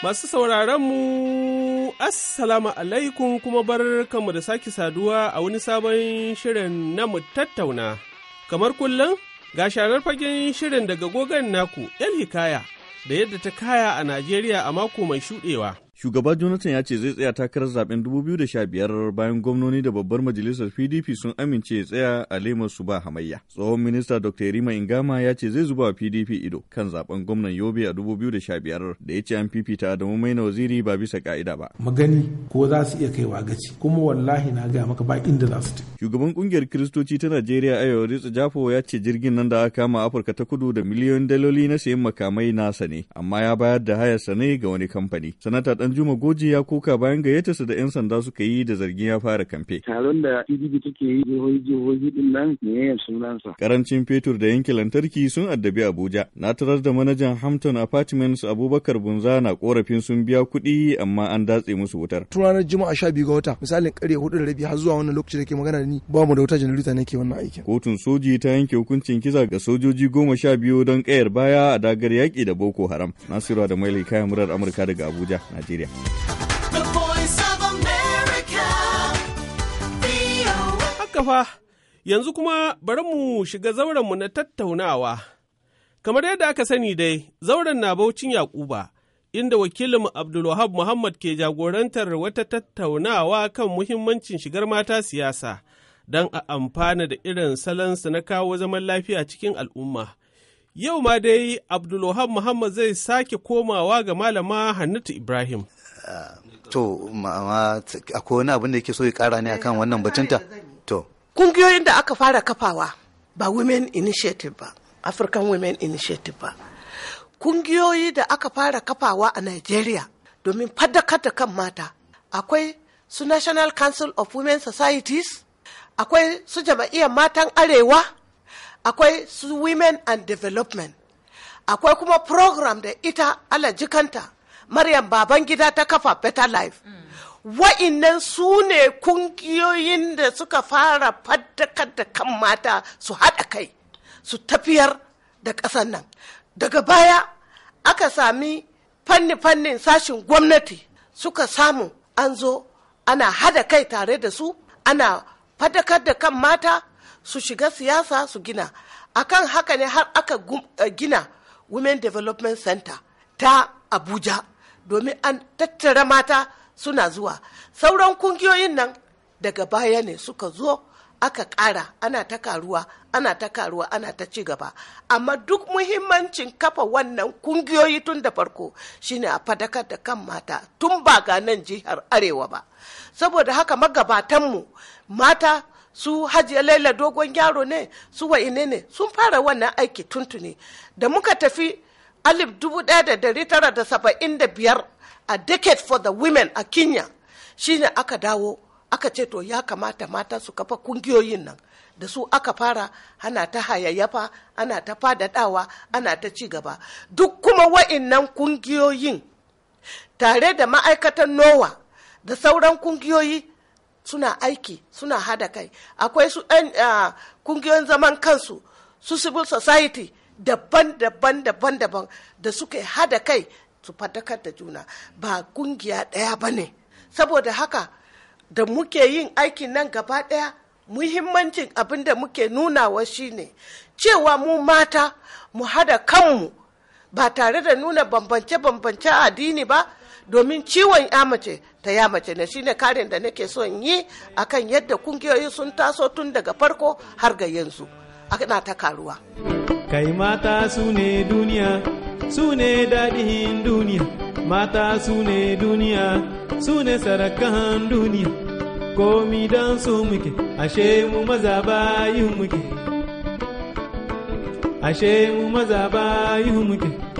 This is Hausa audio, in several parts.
Masu sauraron mu Assalamu alaikum kuma bar mu da sake saduwa a wani sabon shirin na mu tattauna. Kamar kullum, ga sharar fagen shirin daga gogon naku, El Hikaya, da yadda ta kaya a Najeriya a mako mai shuɗewa. Shugaba Jonathan ya ce zai tsaya takarar zaben 2015 bayan gwamnoni da babbar majalisar PDP sun amince ya tsaya a lemar su ba hamayya. Tsohon minista Dr. Rima Ingama ya ce zai zuba wa PDP ido kan zaben gwamnan Yobe a 2015 da ya ce an fifita Adamu na Waziri ba bisa ka'ida ba. Magani ko za su iya kaiwa gaci kuma wallahi na gaya maka ba inda za su Shugaban kungiyar Kiristoci ta Najeriya Ayo Ritsu ya ce jirgin nan da aka kama Afirka ta Kudu da miliyoyin daloli na sayan makamai nasa ne amma ya bayar da hayar sa ne ga wani kamfani. Sanata Danjuma Goji ya kuka bayan gayyatarsa da 'yan sanda suka yi da zargin ya fara kamfe. Taron da PDP take yi jihohi jihohi din nan ne ya sunansa. Karancin fetur da yanke lantarki sun addabi Abuja. Na tarar da manajan Hampton Apartments Abubakar Bunza na korafin sun biya kuɗi amma an datse musu wutar. Tun ranar Juma'a sha biyu ga wata misalin karya hudu da rabi har zuwa wannan lokaci da ke magana da ni ba mu da wuta janarita nake wannan aikin. Kotun soji ta yanke hukuncin kisa ga sojoji goma sha biyu don kayar baya a dagar yaƙi da Boko Haram. Nasiru da Maili kayan murar Amurka daga Abuja, Najeriya. Siria. Haka fa, yanzu kuma bari mu shiga zaurenmu na tattaunawa. Kamar yadda aka sani dai, zauren na Baucin Yakuba, inda wakilin Abdulwahab Muhammad ke jagorantar wata tattaunawa kan muhimmancin shigar mata siyasa, don a amfana da irin salansu na kawo zaman lafiya cikin al'umma. Yau ma dai Abdulwahab Muhammad zai sake komawa ga malama Hannatu Ibrahim. To, ma'ama akwai wani abin da yake so ya kara ne akan wannan batunta? To. Kungiyoyin da aka fara kafawa ba Women Initiative ba, African Women Initiative ba. Kungiyoyi da aka fara kafawa a Nigeria domin faddakar da kan mata. Akwai su National Council of Women Societies, akwai su jama'iyyar matan Arewa, akwai su women and development akwai kuma program da ita jikanta maryam baban gida ta kafa better life mm. wa'innan su ne kungiyoyin da suka fara faddakar da kan mata su haɗa kai su tafiyar da ƙasar nan daga baya aka sami fanni-fannin sashin gwamnati suka samu an zo ana hada kai tare da su ana faddakar da kan mata su shiga siyasa su gina akan haka ne har aka eh, gina women development center ta abuja domin an tattara mata suna zuwa sauran kungiyoyin nan daga baya ne suka zo aka ƙara ana ta karuwa ana ta karuwa ana ta ci gaba amma duk muhimmancin kafa wannan kungiyoyi tun da farko shine a fadakar da kan mata tun ba ga nan jihar arewa ba saboda haka magabatanmu mata su hajiya laila dogon yaro ne su wa'ine ne sun fara wannan aiki tuntuni da muka tafi alif dubu biyar a decade for the women a kenya shine aka dawo aka ce to ya kamata mata su kafa kungiyoyin nan da su aka fara ana ta hayayyafa ana ta fadadawa ana ta ci gaba duk kuma wa'innan kungiyoyin tare da ma'aikatan nowa da sauran kungiyoyi suna aiki suna hada kai akwai su ɗan uh, kungiyoyin zaman kansu su civil society daban-daban daban-daban da suke hada kai su fadakar da juna ba kungiya ɗaya ba ne saboda haka da muke yin aikin nan gaba ɗaya muhimmancin abin da muke nunawa shine cewa mu mata mu hada kanmu ba tare da nuna bambance-bambance addini ba domin ciwon ya mace ta ya mace ne shine karin da nake son yi akan yadda kungiyoyi sun taso tun daga farko har ga yanzu ana ta karuwa kai mata su ne duniya su ne daɗin duniya mata su ne duniya su ne sarakan duniya komi don su muke ashe mu maza bayin muke ashe mu maza bayin muke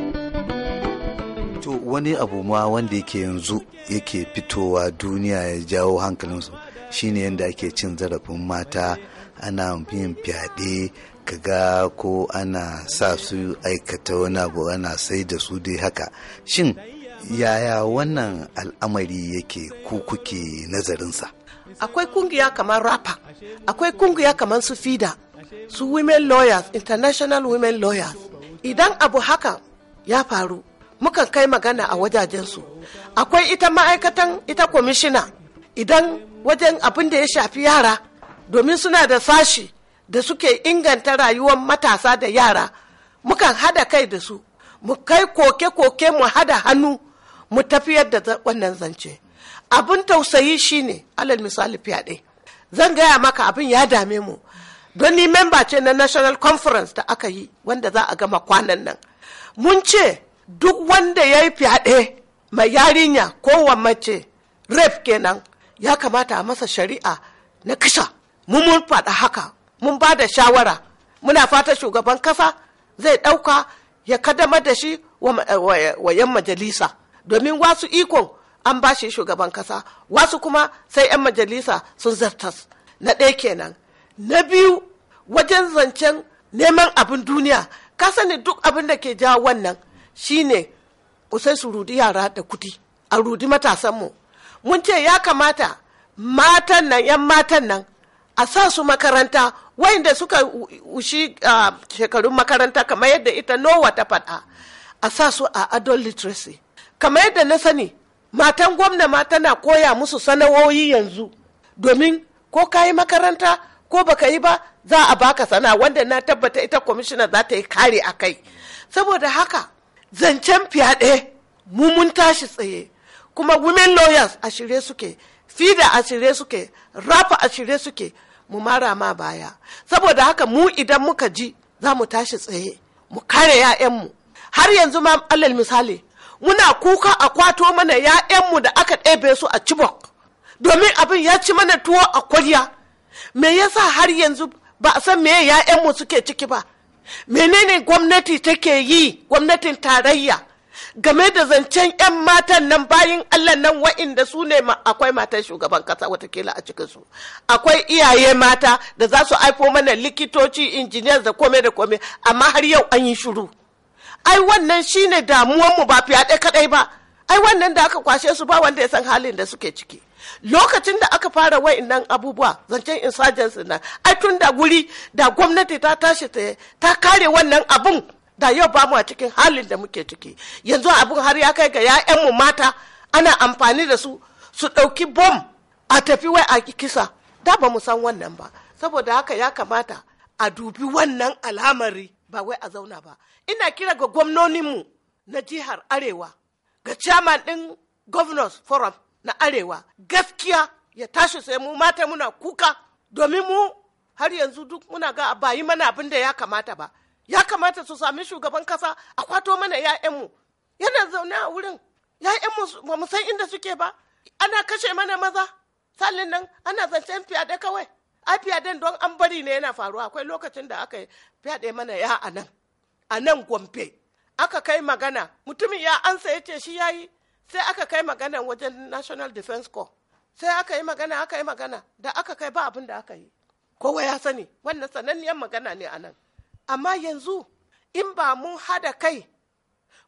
wani abu ma wanda yake yanzu yake fitowa duniya ya jawo hankalinsu shine yadda ake cin zarafin mata ana yin fyaɗe kaga ko ana sa su aikata wani abu ana sai da su dai haka shin yaya wannan al'amari yake ku kuke nazarinsa akwai kungiya kamar rapa akwai kungiya kamar su fida su women lawyers international women lawyers idan abu haka ya faru mukan kai magana a wajajensu akwai ita ma'aikatan ita kwamishina idan wajen abin da ya shafi yara domin suna da sashi da suke inganta rayuwar matasa da yara mukan hada kai da su mu kai koke-koke mu hada hannu mu tafiyar da wannan zance abin tausayi shine alal misali fyaɗe zan gaya maka abin ya dame mu don ni memba ce na national conference da aka yi wanda za a gama kwanan nan mun ce duk wanda ya yi fyaɗe mai yarinya ko mace ref kenan ya kamata a masa shari'a na kisha mun mun faɗa haka mun ba da shawara muna fata shugaban kasa zai ɗauka ya kadama da shi wa yan majalisa domin wasu ikon an ba shi shugaban kasa wasu kuma sai yan majalisa sun zartas na ɗaya kenan na biyu wajen zancen neman abin duniya ka sani duk abin da ke jawo wannan shine usai su rudi yara da kudi a rudi matasanmu mun ce ya kamata matan nan 'yan matan nan a sa su makaranta wayanda suka ushi a shekarun makaranta kamar yadda ita nowa ta faɗa a sa su a adult literacy kamar yadda na sani matan gwamna ma tana koya musu sana'o'i yanzu domin ko ka yi makaranta ko baka yi ba za a baka sana wanda na tabbata ita kwamishina za ta yi kare a kai saboda haka zancen fyaɗe mu mun tashi tsaye kuma women lawyers a shirye suke fida a shirye suke rafa a shirye suke mu mara ma baya saboda haka mu idan muka ji za mu tashi tsaye mu kare 'ya'yanmu har yanzu ma alal misali muna kuka a kwato mana 'ya'yanmu da aka ɗebe su a cibok domin abin ya ci mana tuwo a kwarya me yasa har yanzu ba a san me 'ya'yanmu suke ciki ba menene gwamnati take yi gwamnatin tarayya game da zancen 'yan matan nan bayan allah nan wa'inda su ne akwai matan shugaban kasa watakila a cikinsu akwai iyaye mata da za su aifo mana likitoci injiniyar da kome da kome amma har yau an yi shuru ai wannan shine damuwanmu ba fiye kaɗai ba ai wannan da aka kwashe su ba wanda ya san halin da suke ciki lokacin da aka fara wa'annan abubuwa zancen insurgency na ai tun da guri da gwamnati ta tashi ta kare wannan abun da yau ba mu a cikin halin da muke ciki yanzu abun har ya kai ga mu mata ana amfani da su su ɗauki bom a tafi wai a kisa da ba mu san wannan ba saboda haka ya kamata a dubi wannan al'amari ba wai a zauna ba ina kira ga mu na jihar arewa ga chairman din governors forum na arewa gaskiya ya tashi sai mu mata muna kuka domin mu har yanzu duk muna ga ba yi mana abin da ya kamata ba ya kamata su sami shugaban kasa a kwato mana ya'yanmu yana zaune a wurin ya'yanmu ba mu san inda suke ba ana kashe mana maza salin nan ana zancen fiyade kawai a fiyaden don an bari ne yana faruwa akwai lokacin da aka fiyade mana ya a nan a nan gombe aka kai magana mutumin ya ansa ya ce shi ya yi sai aka kai magana wajen national defense corps sai aka yi magana aka yi magana da aka kai ba abin da aka yi kowa ya sani wannan sananniyar magana ne anan nan amma yanzu in ba mun hada kai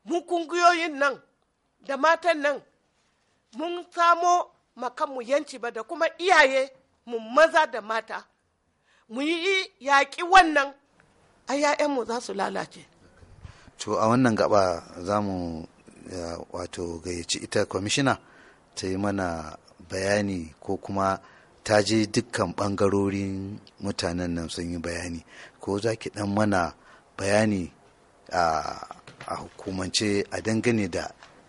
mu kungiyoyin nan da matan nan mun samo makanmu yanci ba da kuma iyaye mu maza da mata mu yi yaƙi wannan a 'ya'yanmu za su lalace to a wannan gaba za mu wato gayyaci ita kwamishina ta yi mana bayani ko kuma ta je dukkan ɓangarorin mutanen nan sun yi bayani ko za ki ɗan mana bayani a hukumance a dangane da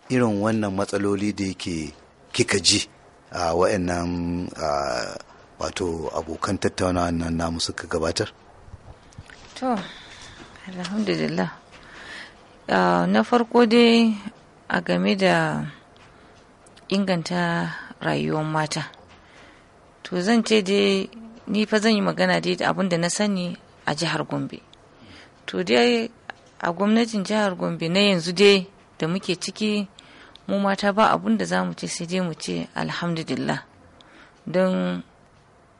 irin wannan matsaloli da yake kika ji a wa'annan wato abokan tattaunawa nan namu suka gabatar? to alhamdulillah na farko dai a game da inganta rayuwar mata to zan ce dai ni fa zan yi magana dai da abin da na sani a jihar gombe to dai a gwamnatin jihar gombe na yanzu dai da muke ciki mu mata ba abun da za mu ce sai dai mu ce alhamdulillah don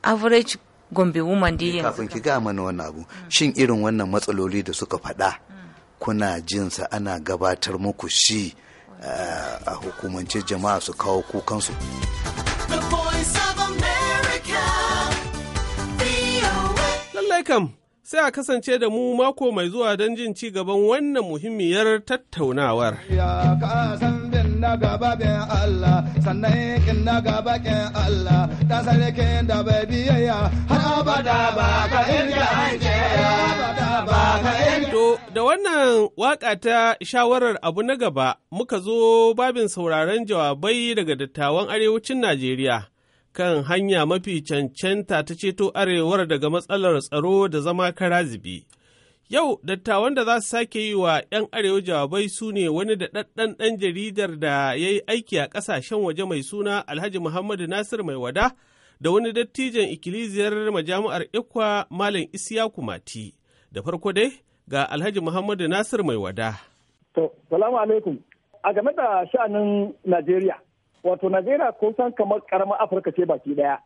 average gombe woman dai yanzu kafin ki ga mana wannan abu shin irin wannan matsaloli da suka faɗa kuna jinsa ana gabatar muku shi Eh, a hukumance jama'a su kawo kukansu. Lallai kam sai a kasance da mu mako mai zuwa don jin ci gaban wannan muhimmiyar tattaunawar. Ya ka san gaba bin Allah, sannan na gaba Allah. da ke da bai biyayya har abada ba ka ba ka To da wannan waƙa ta shawarar abu na gaba muka zo babin sauraron jawabai daga dattawan arewacin Najeriya. kan hanya mafi cancanta ta ceto arewar daga matsalar tsaro da zama karazibi. Yau dattawan da za su sake yi wa 'yan arewa jawabai su ne wani da ɗaɗɗan ɗan jaridar da ya yi aiki a ƙasashen waje mai suna Alhaji Muhammadu Nasir Mai Wada da wani dattijan ikkilisiyar majami'ar Ikwa Malam Isiyaku Mati. Da farko dai ga Alhaji Muhammadu Nasir Mai Wada. To, salamu alaikum. A game da sha'anin Najeriya, wato Najeriya kusan kamar karamar Afirka ce baki ɗaya.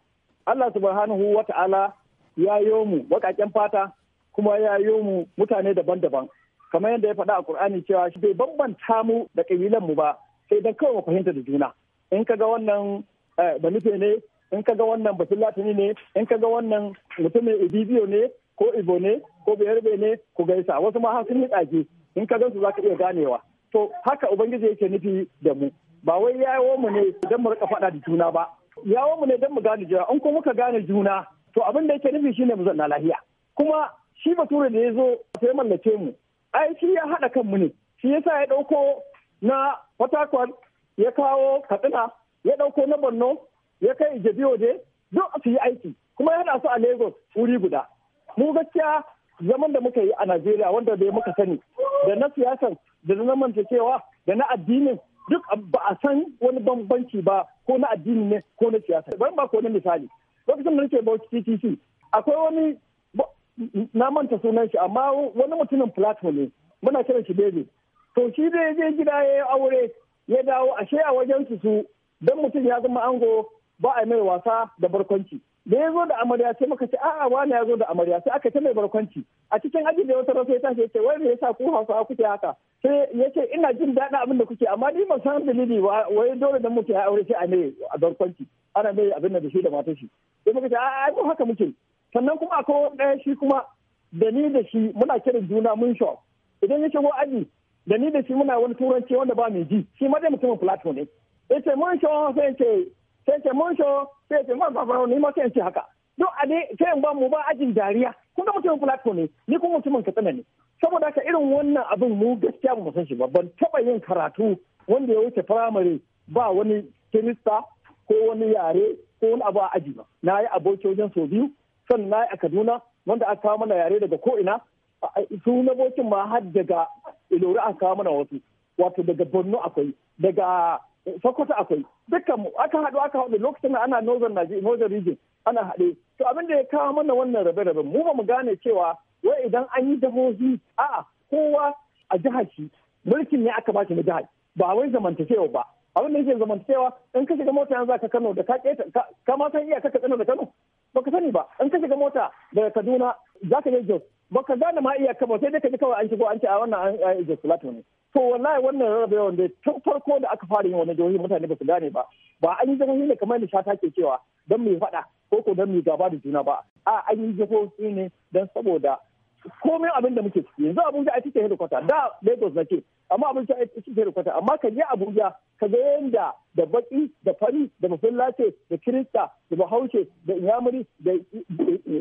Allah subhanahu wa ta'ala ya yi mu baƙaƙen fata kuma ya yi mu mutane daban-daban kamar yadda ya faɗa a Kur'ani cewa shi bai bambanta mu da ƙabilan mu ba sai dan kawai mu fahimta da juna in kaga wannan eh, ba nufe ne in kaga wannan batun latini ne in ga wannan mutumin ibibiyo ne ko ibo ne ko biyarbe ne ku gaisa wasu ma har sun yi tsaki in ka gansu za ka iya ganewa to haka ubangiji yake nufi da mu ba wai yawo mu ne don mu rika faɗa da juna ba yawo mu ne don mu gane juna in ko muka gane juna to abin da yake nufi shine mu zanna lahiya kuma shi bature da ya zo sai mallake mu ai shi ya haɗa kanmu ne shi yasa ya ɗauko na fatakwal ya kawo katsina ya ɗauko na borno ya kai ijebiyoje duk su yi aiki kuma ya haɗa su a lagos wuri guda mu gaskiya zaman da muka yi a najeriya wanda bai muka sani da na siyasan da na mantakewa da na addinin duk ba a san wani bambanci ba ko na addini ne ko na siyasa ba ba ko na misali lokacin da nake bauchi ttc akwai wani na manta sunan shi amma wani mutumin plateau ne muna kiran shi bebe to shi da zai gida ya yi aure ya dawo ashe a wajen su su dan mutum ya zama ango ba a mai wasa da barkwanci da ya zo da amarya sai muka ce a'a wani ya zo da amarya sai aka ce mai barkwanci a cikin aji da wata rasa ya tashi ya ce wani ya sa ku hausa kuke haka sai ya ce ina jin daɗin abin da kuke amma ni ban san dalili ba wai dole dan muke aure sai a mai a barkwanci ana mai abin da shi da matashi shi sai muka ce a'a ko haka muke sannan kuma akwai wani ɗaya shi kuma da ni da shi muna kiran juna mun shop idan ya shigo aji da ni da shi muna wani turanci wanda ba mai ji shi ma dai mutumin plateau ne yace mun sho sai ce sai ce mun sho sai ce ma ba ni ma sai ce haka duk a dai sai ba mu ba ajin dariya kun ga mutumin plateau ne ni kuma mutumin katsina ne saboda haka irin wannan abin mu gaskiya ba mu san shi ba ban taba yin karatu wanda ya wuce firamare ba wani kirista ko wani yare ko wani abu a aji ba na yi aboki wajen sau biyu sannan na yi a kaduna wanda aka kawo mana yare daga ko'ina su na bokin ma har daga ilori aka kawo mana wasu wato daga borno akwai daga eh, sokoto akwai dukkan aka haɗu aka haɗu lokacin da ana northern northern region ana haɗe to abin da ya kawo mana wannan rabe-rabe mu ba mu gane cewa wai idan an yi jihohi a'a kowa a jihar shi mulkin ne aka ba shi na jihar ba wai zamantakewa ba abin da yake zamantakewa in ka shiga mota yanzu ka Kano da ka keta ka ma san iya ka Kano da Kano baka sani ba in ka shiga mota daga Kaduna zaka je Jos baka gane ma iya ba sai dai ka ji kawai an shigo an ce a wannan an Jos Plateau ne to wallahi wannan rarrabewa da tun farko da aka fara yin wani jihohi mutane ba su gane ba ba an yi jihohi ne kamar da shata ke cewa don mu faɗa ko ko don mu gaba da juna ba a an yi jihohi ne don saboda komai abin da muke ciki yanzu abin da ake cikin hedikwata da Lagos na ce amma abin ta aiki su da kwata amma ka je abuja ka ga yadda da baki da fari da masallace da kirista da bahaushe da inyamuri da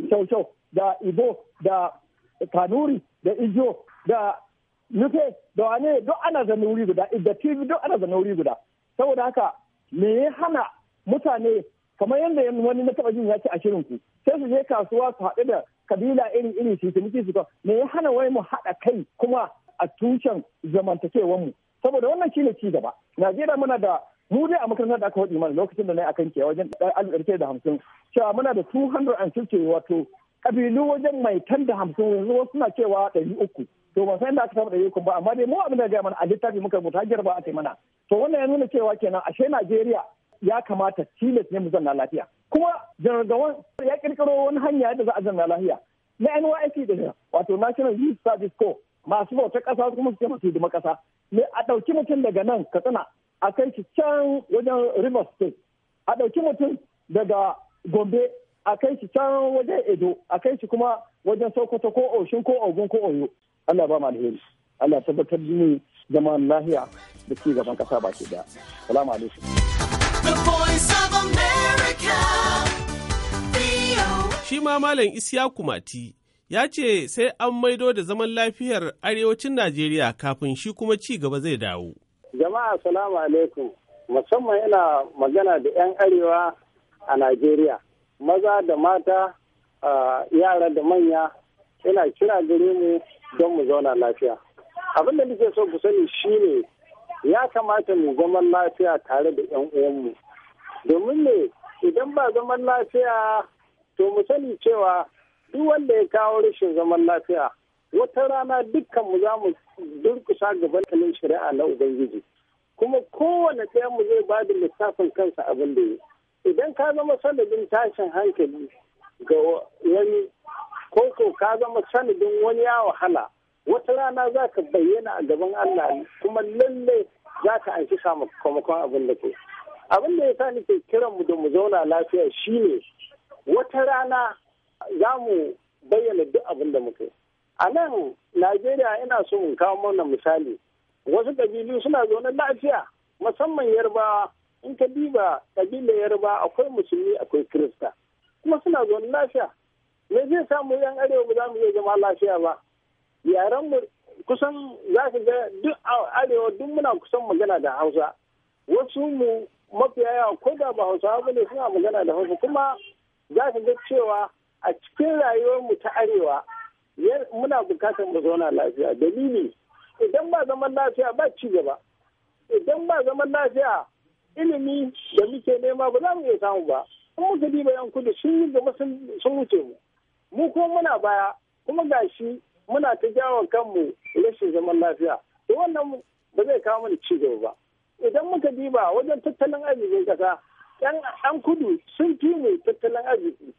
kyaukyau da ibo da kanuri da ijo da nufe da wane duk ana zane wuri guda da tv duk ana zane wuri guda saboda haka me ya hana mutane kamar yadda wani na taɓa jin ya ce ashirin ku sai su je kasuwa su haɗu da kabila iri iri su ciniki su me ya hana wai mu haɗa kai kuma a tushen zamantakewar mu saboda wannan shine ci gaba najeriya muna da mu dai a makarantar da aka faɗi mana lokacin da na yi akan kewa wajen alif da hamsin cewa muna da 250 wato kabilu wajen mai tan da hamsin yanzu wasu suna cewa ɗari uku to ban san inda aka samu ɗari uku ba amma dai mu abin da ya mana a littafi muka rubuta hajjar ba a kai mana to wannan ya nuna cewa kenan ashe Najeriya ya kamata tilas ne mu zanna lafiya kuma janar gawan ya kirkiro wani hanya da za a zanna lafiya na NYSC da wato National Youth Service Corps masu bautar ƙasa kuma su masu hidima kasa me a ɗauki mutum daga nan katsina a kai shi can wajen rivers state a ɗauki mutum daga gombe a kai shi can wajen edo a kai shi kuma wajen sokoto ko oshin ko ogun ko oyo allah ba mu alheri allah tabbatar da zama lahiya da ci gaban ƙasa baki ɗaya salamu alaikum Shi ma Malam Isiya Kumati ya ce sai an maido da zaman lafiyar arewacin Najeriya kafin shi kuma ci gaba zai dawo. Jama'a salamu alaikum musamman yana magana da 'yan arewa a Najeriya maza da mata yara da manya yana kira gare mu don mu zauna lafiya. Abin da nake so ku sani shi ne ya kamata mu zaman lafiya tare da 'yan uwanmu. Domin ne idan ba zaman lafiya to mu sani cewa duk wanda ya kawo rashin zaman lafiya wata rana dukkanmu za mu durkusa gaban kanin shari'a na ubangiji kuma kowane ɗaya mu zai ba da lissafin kansa abin da yi idan ka zama sanadin tashin hankali ga wani ko ko ka zama sanadin wani ya wahala wata rana za ka bayyana a gaban Allah kuma lalle za ka anshi sakamakon abin da ke abin da ya sa ke kiran mu da mu zauna lafiya shine wata rana za mu bayyana duk abin da muka a nan najeriya yana so in kawo mana misali wasu ƙabilu suna zaune lafiya musamman yarbawa in ka diba ƙabila yarba akwai musulmi akwai kirista kuma suna zaune lafiya me zai samu yan arewa ba za mu iya zama lafiya ba yaren mu kusan za ka ga duk arewa duk muna kusan magana da hausa wasu mu mafiya yawa ko da ba hausawa ba ne suna magana da hausa kuma za ka ga cewa a cikin rayuwarmu ta arewa muna bukatar mu zauna lafiya dalili idan ba zaman lafiya ba ci gaba idan ba zaman lafiya ilimi da muke nema ba za mu iya samu ba in muka diba yan kudu sun yi gaba sun wuce mu mu ko muna baya kuma gashi muna ta jawon kanmu rashin zaman lafiya to wannan ba zai kawo mana ci gaba ba idan muka diba wajen tattalin arzikin kasa yan kudu sun fi mu tattalin arziki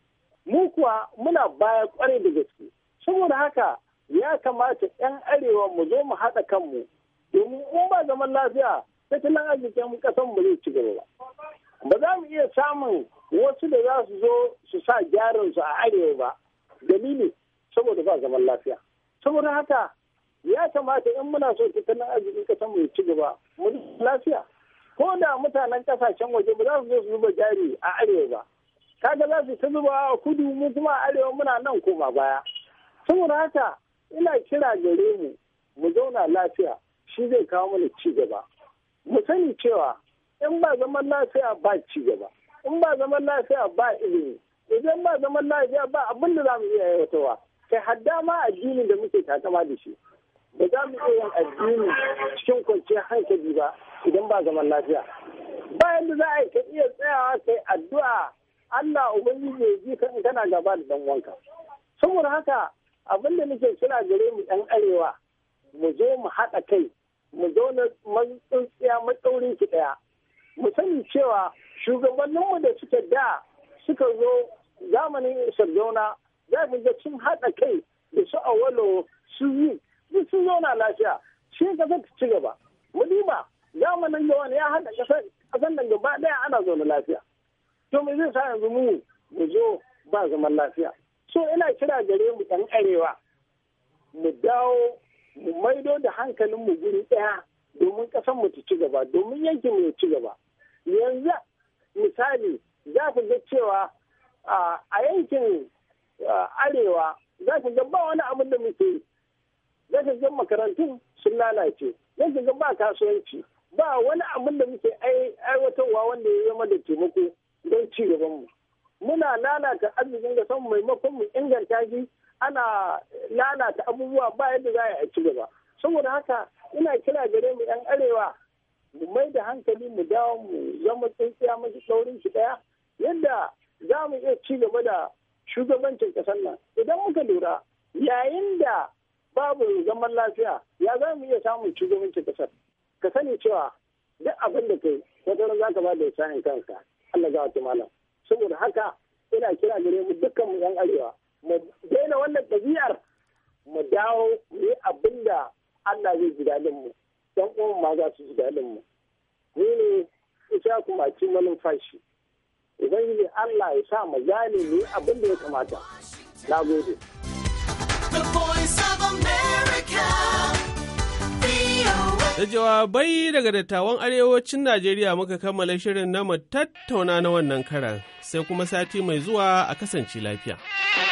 mu kuwa muna baya kwarai da gaske saboda haka ya kamata 'yan arewa mu zo mu haɗa kanmu domin in ba zaman lafiya tattalin arzikin ƙasar mu zai ci gaba ba za mu iya samun wasu da za su zo su sa gyaransu a arewa ba dalili saboda ba zaman lafiya saboda haka ya kamata in muna so tattalin arzikin ƙasar mu ci gaba mu lafiya ko da mutanen ƙasashen waje ba za su zo su zuba jari a arewa ba kaga za su ta zuba a kudu mu kuma a arewa muna nan koma baya saboda haka ina kira gare mu mu zauna lafiya shi zai kawo mana ci gaba mu sani cewa in ba zaman lafiya ba ci gaba in ba zaman lafiya ba ilimi idan ba zaman lafiya ba abin da za mu iya yawatawa kai hadda ma addinin da muke takama da shi ba za mu iya yin addini cikin kwanciyar hankali ba idan ba zaman lafiya bayan da za a yi iya tsayawa kai addu'a Allah ubangiji ya ji kan kana gaba da dan wanka saboda haka abin da nake kira gare mu ɗan arewa mu zo mu haɗa kai mu zauna matsuntsiya matsaurin ki ɗaya mu sani cewa shugabanninmu da suka da suka zo zamanin Sarjona za mu ga sun haɗa kai da su a walo su yi duk sun zauna lafiya shi ƙasar ta ci gaba mu diba zamanin yawan ya haɗa ƙasar ƙasar da gaba ɗaya ana zaune lafiya to me zai sa yanzu mu mu zo ba zaman lafiya so ina kira gare mu ɗan arewa mu dawo mu maido da hankalin mu guri ɗaya domin kasan mu ta ci gaba domin yankin mu ya ci gaba yanzu misali za ku ga cewa a yankin arewa za ku ga ba wani abin da muke za ku ga makarantun sun lalace za ku ga ba kasuwanci ba wani abin da muke aiwatarwa wanda ya zama da taimako don ci gabanmu muna lalata arzikin ga san maimakon mu inganta shi ana lalata abubuwa ba yadda za a ci gaba saboda haka ina kira gare mu yan arewa mu mai da hankali mu dawo mu zama tsintsiya mafi saurin shi daya yadda za mu iya ci gaba da shugabancin kasar nan idan muka lura yayin da babu zaman lafiya ya za mu iya samun shugabancin kasar ka sani cewa duk abin da kai wata za ka ba da sanin kanka Allah ga wata malam saboda haka ina kira gare mu dukkan mu yan arewa mu daina wannan ɗabi'ar mu dawo mu yi abin da Allah zai ji daɗin mu dan uwan ma za su ji daɗin mu ni ne isa kuma ci Idan yi Allah ya sa mu gane mu yi abin da ya kamata na gode The voice of America. Da jawabai daga dattawan arewacin Najeriya muka kammala shirin na mu tattauna na wannan karan sai kuma sati mai zuwa a kasance lafiya.